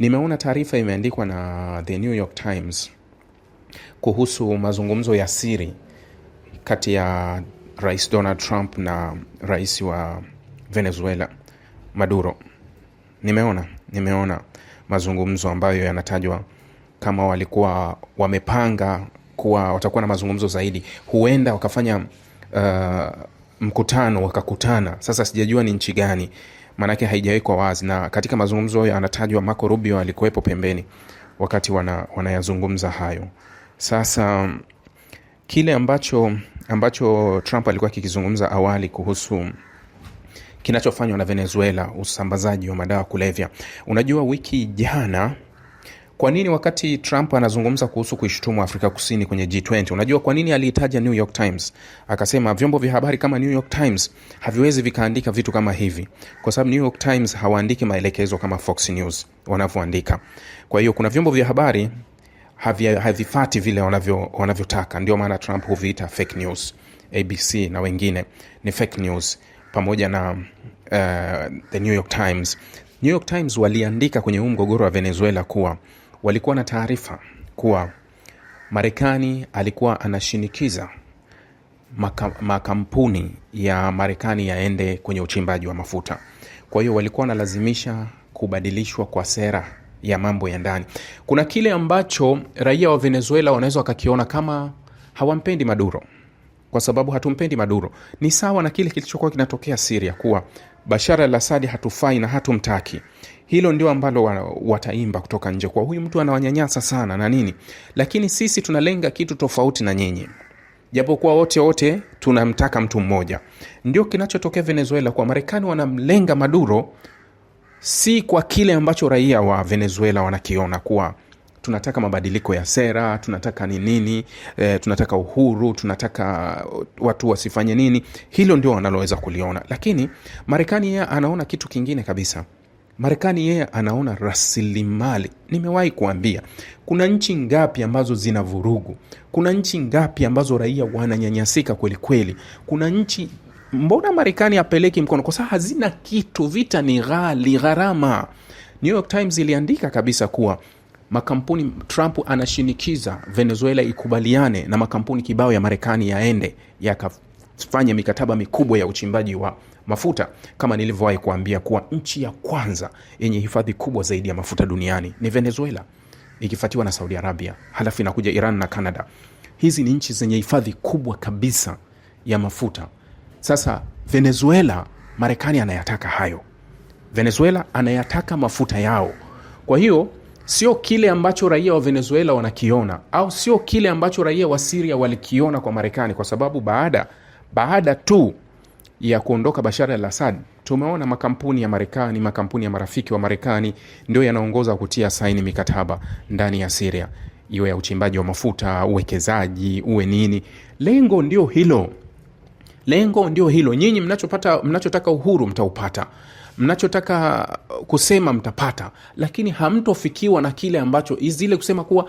Nimeona taarifa imeandikwa na The New York Times kuhusu mazungumzo ya siri kati ya Rais Donald Trump na rais wa Venezuela Maduro. Nimeona nimeona mazungumzo ambayo yanatajwa kama walikuwa wamepanga kuwa watakuwa na mazungumzo zaidi, huenda wakafanya uh, mkutano wakakutana. Sasa sijajua ni nchi gani, maanake haijawekwa wazi, na katika mazungumzo hayo anatajwa mako Rubio alikuwepo pembeni wakati wana, wanayazungumza hayo. Sasa kile ambacho ambacho Trump alikuwa akikizungumza awali kuhusu kinachofanywa na Venezuela, usambazaji wa madawa kulevya. Unajua, wiki jana kwa nini wakati Trump anazungumza kuhusu kuishutumu Afrika Kusini kwenye G20, unajua kwa nini aliitaja New York Times? Akasema vyombo vya habari kama New York Times haviwezi vikaandika vitu kama hivi, kwa sababu New York Times hawaandiki maelekezo kama Fox News wanavyoandika. Kwa hiyo kuna vyombo vya habari havifati vile wanavyotaka, ndio maana Trump huviita fake news. ABC na wengine ni fake news, pamoja na uh, the New York Times. New York Times waliandika kwenye huu mgogoro wa Venezuela kuwa walikuwa na taarifa kuwa Marekani alikuwa anashinikiza makampuni ya Marekani yaende kwenye uchimbaji wa mafuta. Kwa hiyo walikuwa wanalazimisha kubadilishwa kwa sera ya mambo ya ndani. Kuna kile ambacho raia wa Venezuela wanaweza wakakiona kama hawampendi Maduro, kwa sababu hatumpendi Maduro. Ni sawa na kile kilichokuwa kinatokea Siria, kuwa Bashara al Asadi hatufai na hatumtaki. Hilo ndio ambalo wataimba kutoka nje, kwa huyu mtu anawanyanyasa sana na nini, lakini sisi tunalenga kitu tofauti na nyinyi, japokuwa wote wote tunamtaka mtu mmoja. Ndio kinachotokea Venezuela, kwa Marekani wanamlenga Maduro si kwa kile ambacho raia wa Venezuela wanakiona kuwa tunataka mabadiliko ya sera, tunataka ni nini e, tunataka uhuru, tunataka uh, watu wasifanye nini. Hilo ndio wanaloweza kuliona, lakini Marekani yeye anaona kitu kingine kabisa. Marekani yeye anaona rasilimali. Nimewahi kuambia kuna nchi ngapi ambazo zina vurugu, kuna nchi ngapi ambazo raia wananyanyasika kwelikweli, kuna nchi mbona Marekani apeleki mkono? Kwa sababu hazina kitu, vita ni ghali, gharama. New York Times iliandika kabisa kuwa makampuni Trump anashinikiza Venezuela ikubaliane na makampuni kibao ya Marekani yaende yakafanya mikataba mikubwa ya uchimbaji wa mafuta. Kama nilivyowahi kuambia kuwa nchi ya kwanza yenye hifadhi kubwa zaidi ya mafuta duniani ni Venezuela, ikifuatiwa na Saudi Arabia, halafu inakuja Iran na Canada. Hizi ni nchi zenye hifadhi kubwa kabisa ya mafuta. Sasa Venezuela, Marekani anayataka hayo, Venezuela anayataka mafuta yao, kwa hiyo sio kile ambacho raia wa Venezuela wanakiona au sio kile ambacho raia wa Siria walikiona kwa Marekani, kwa sababu baada baada tu ya kuondoka Bashar al Assad tumeona makampuni ya Marekani, makampuni ya marafiki wa Marekani ndio yanaongoza kutia saini mikataba ndani ya Siria, iwe ya uchimbaji wa mafuta, uwekezaji, uwe nini. Lengo ndio hilo, lengo ndio hilo. Nyinyi mnachopata, mnachotaka uhuru mtaupata mnachotaka kusema mtapata, lakini hamtofikiwa na kile ambacho zile kusema kuwa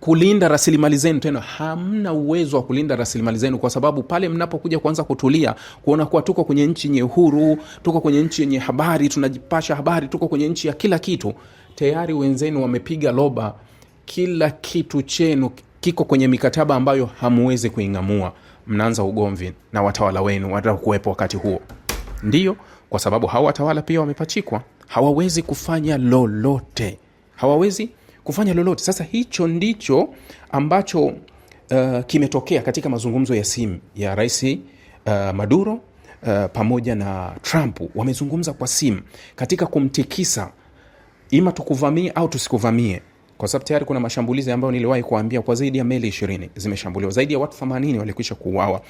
kulinda rasilimali zenu. Tena hamna uwezo wa kulinda rasilimali zenu, kwa sababu pale mnapokuja kuanza kutulia, kuona kuwa tuko kwenye nchi yenye uhuru, tuko kwenye nchi yenye habari, tunajipasha habari, tuko kwenye nchi ya kila kitu, tayari wenzenu wamepiga loba, kila kitu chenu kiko kwenye mikataba ambayo hamuwezi kuing'amua. Mnaanza ugomvi na watawala wenu watakuwepo wakati huo, ndiyo kwa sababu hawa watawala pia wamepachikwa, hawawezi kufanya lolote, hawawezi kufanya lolote. Sasa hicho ndicho ambacho uh, kimetokea katika mazungumzo ya simu ya rais uh, Maduro uh, pamoja na Trump. Wamezungumza kwa simu katika kumtikisa, ima tukuvamie au tusikuvamie kwa sababu tayari kuna mashambulizi ambayo niliwahi kuambia, kwa zaidi ya meli ishirini zimeshambuliwa, zaidi ya watu 80 walikuisha kuuawa.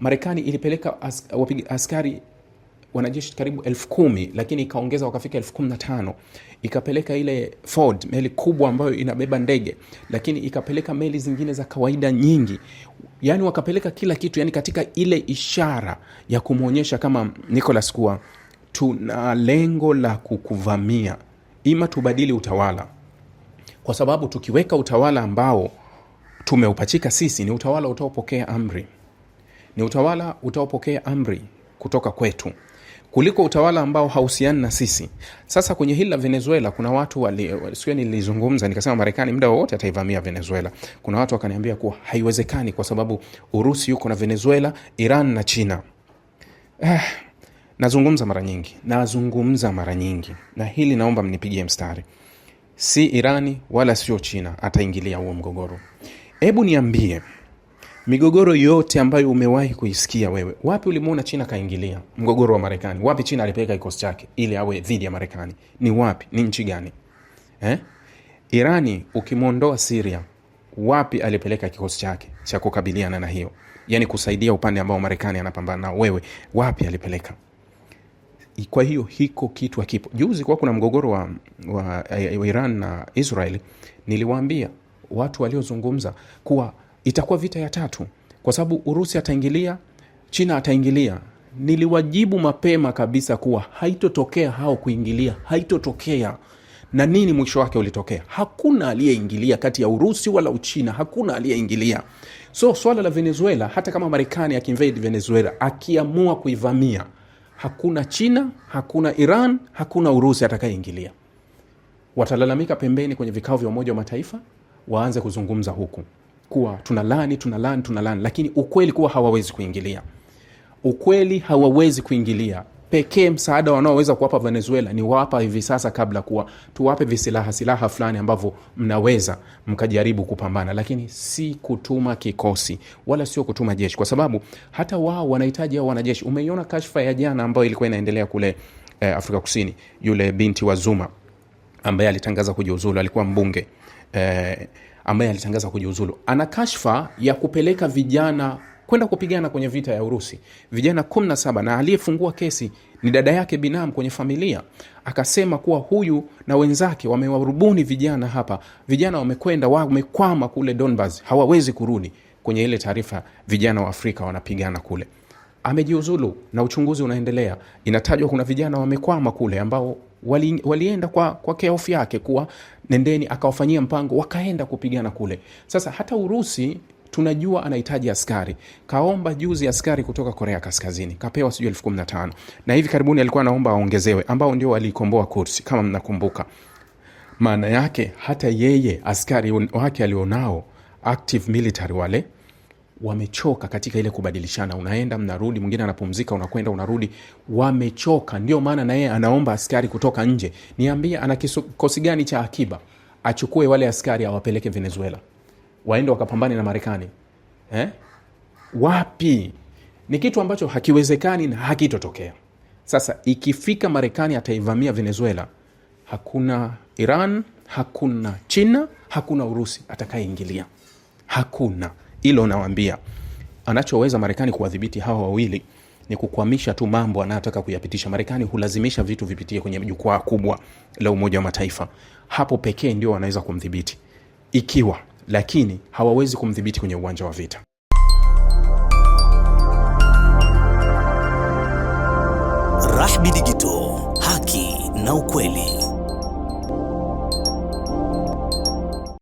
Marekani ilipeleka as, askari wanajeshi karibu elfu kumi lakini ikaongeza wakafika elfu kumi na tano ikapeleka ile Ford meli kubwa ambayo inabeba ndege, lakini ikapeleka meli zingine za kawaida nyingi, yani wakapeleka kila kitu, yani katika ile ishara ya kumwonyesha kama Nicolas kuwa tuna lengo la kukuvamia, ima tubadili utawala, kwa sababu tukiweka utawala ambao tumeupachika sisi, ni utawala utaopokea amri, ni utawala utaopokea amri kutoka kwetu kuliko utawala ambao hausiani na sisi. Sasa kwenye hili la Venezuela kuna watu sio, nilizungumza nikasema Marekani muda wowote ataivamia Venezuela. Kuna watu wakaniambia kuwa haiwezekani kwa sababu Urusi yuko na Venezuela, Iran na China. Eh, nazungumza mara nyingi, nazungumza mara nyingi, na hili naomba mnipigie mstari. Si Irani wala sio China ataingilia huo mgogoro. Hebu niambie migogoro yote ambayo umewahi kuisikia wewe, wapi ulimuona China kaingilia mgogoro wa Marekani? Wapi China alipeleka kikosi chake ili awe dhidi ya Marekani? Ni wapi? Ni nchi gani eh? Irani ukimwondoa Siria, wapi alipeleka kikosi chake cha kukabiliana na hiyo, yani kusaidia upande ambao Marekani anapambana nao, wewe wapi alipeleka? Kwa hiyo hiko kitu akipo Juzi kuwa kuna mgogoro wa, wa, wa Iran na israel niliwaambia watu waliozungumza kuwa itakuwa vita ya tatu, kwa sababu Urusi ataingilia, China ataingilia. Niliwajibu mapema kabisa kuwa haitotokea hao kuingilia, haitotokea na nini mwisho wake ulitokea? Hakuna aliyeingilia kati ya Urusi wala Uchina, hakuna aliyeingilia. So swala la Venezuela, hata kama Marekani akiinvade Venezuela, akiamua kuivamia, hakuna China, hakuna Iran, hakuna Urusi atakayeingilia. Watalalamika pembeni kwenye vikao vya Umoja wa Mataifa, waanze kuzungumza huku kuwa tunalani tunalani tunalani, lakini ukweli kuwa hawawezi kuingilia. Ukweli hawawezi kuingilia pekee msaada wanaoweza kuwapa Venezuela ni wapa hivi sasa, kabla kuwa tuwape visilaha silaha fulani ambavyo mnaweza mkajaribu kupambana, lakini si kutuma kikosi wala sio kutuma jeshi, kwa sababu hata wao wanahitaji hao wanajeshi. Umeiona kashfa ya jana ambayo ilikuwa inaendelea kule eh, Afrika Kusini, yule binti wa Zuma ambaye alitangaza kujiuzulu, alikuwa mbunge eh, ambaye alitangaza kujiuzulu, ana kashfa ya kupeleka vijana kwenda kupigana kwenye vita ya Urusi, vijana 17 na aliyefungua kesi ni dada yake binam kwenye familia. Akasema kuwa huyu na wenzake wamewarubuni vijana hapa, vijana wamekwenda, wamekwama kule Donbas, hawawezi kurudi. Kwenye ile taarifa, vijana wa Afrika wanapigana kule. Amejiuzulu na uchunguzi unaendelea. Inatajwa kuna vijana wamekwama kule ambao wali, walienda kwa, kwa keofu yake kuwa nendeni, akawafanyia mpango, wakaenda kupigana kule. Sasa hata Urusi tunajua anahitaji askari, kaomba juzi askari kutoka Korea Kaskazini, kapewa sijui elfu kumi na tano na hivi karibuni alikuwa anaomba aongezewe, ambao ndio waliikomboa Kursi kama mnakumbuka. Maana yake hata yeye askari wake alionao active military wale wamechoka katika ile kubadilishana, unaenda mnarudi, mwingine anapumzika, unakwenda unarudi, wamechoka. Ndio maana nayee anaomba askari kutoka nje. Niambie, ana kikosi gani cha akiba? Achukue wale askari awapeleke Venezuela, waende wakapambane na Marekani eh? Wapi? Ni kitu ambacho hakiwezekani na hakitotokea. Sasa ikifika Marekani ataivamia Venezuela, hakuna Iran, hakuna China, hakuna Urusi atakayeingilia, hakuna hilo nawaambia, anachoweza Marekani kuwadhibiti hawa wawili ni kukwamisha tu mambo anayotaka kuyapitisha. Marekani hulazimisha vitu vipitie kwenye jukwaa kubwa la Umoja wa Mataifa, hapo pekee ndio wanaweza kumdhibiti ikiwa, lakini hawawezi kumdhibiti kwenye uwanja wa vita. rahbi digito haki na ukweli.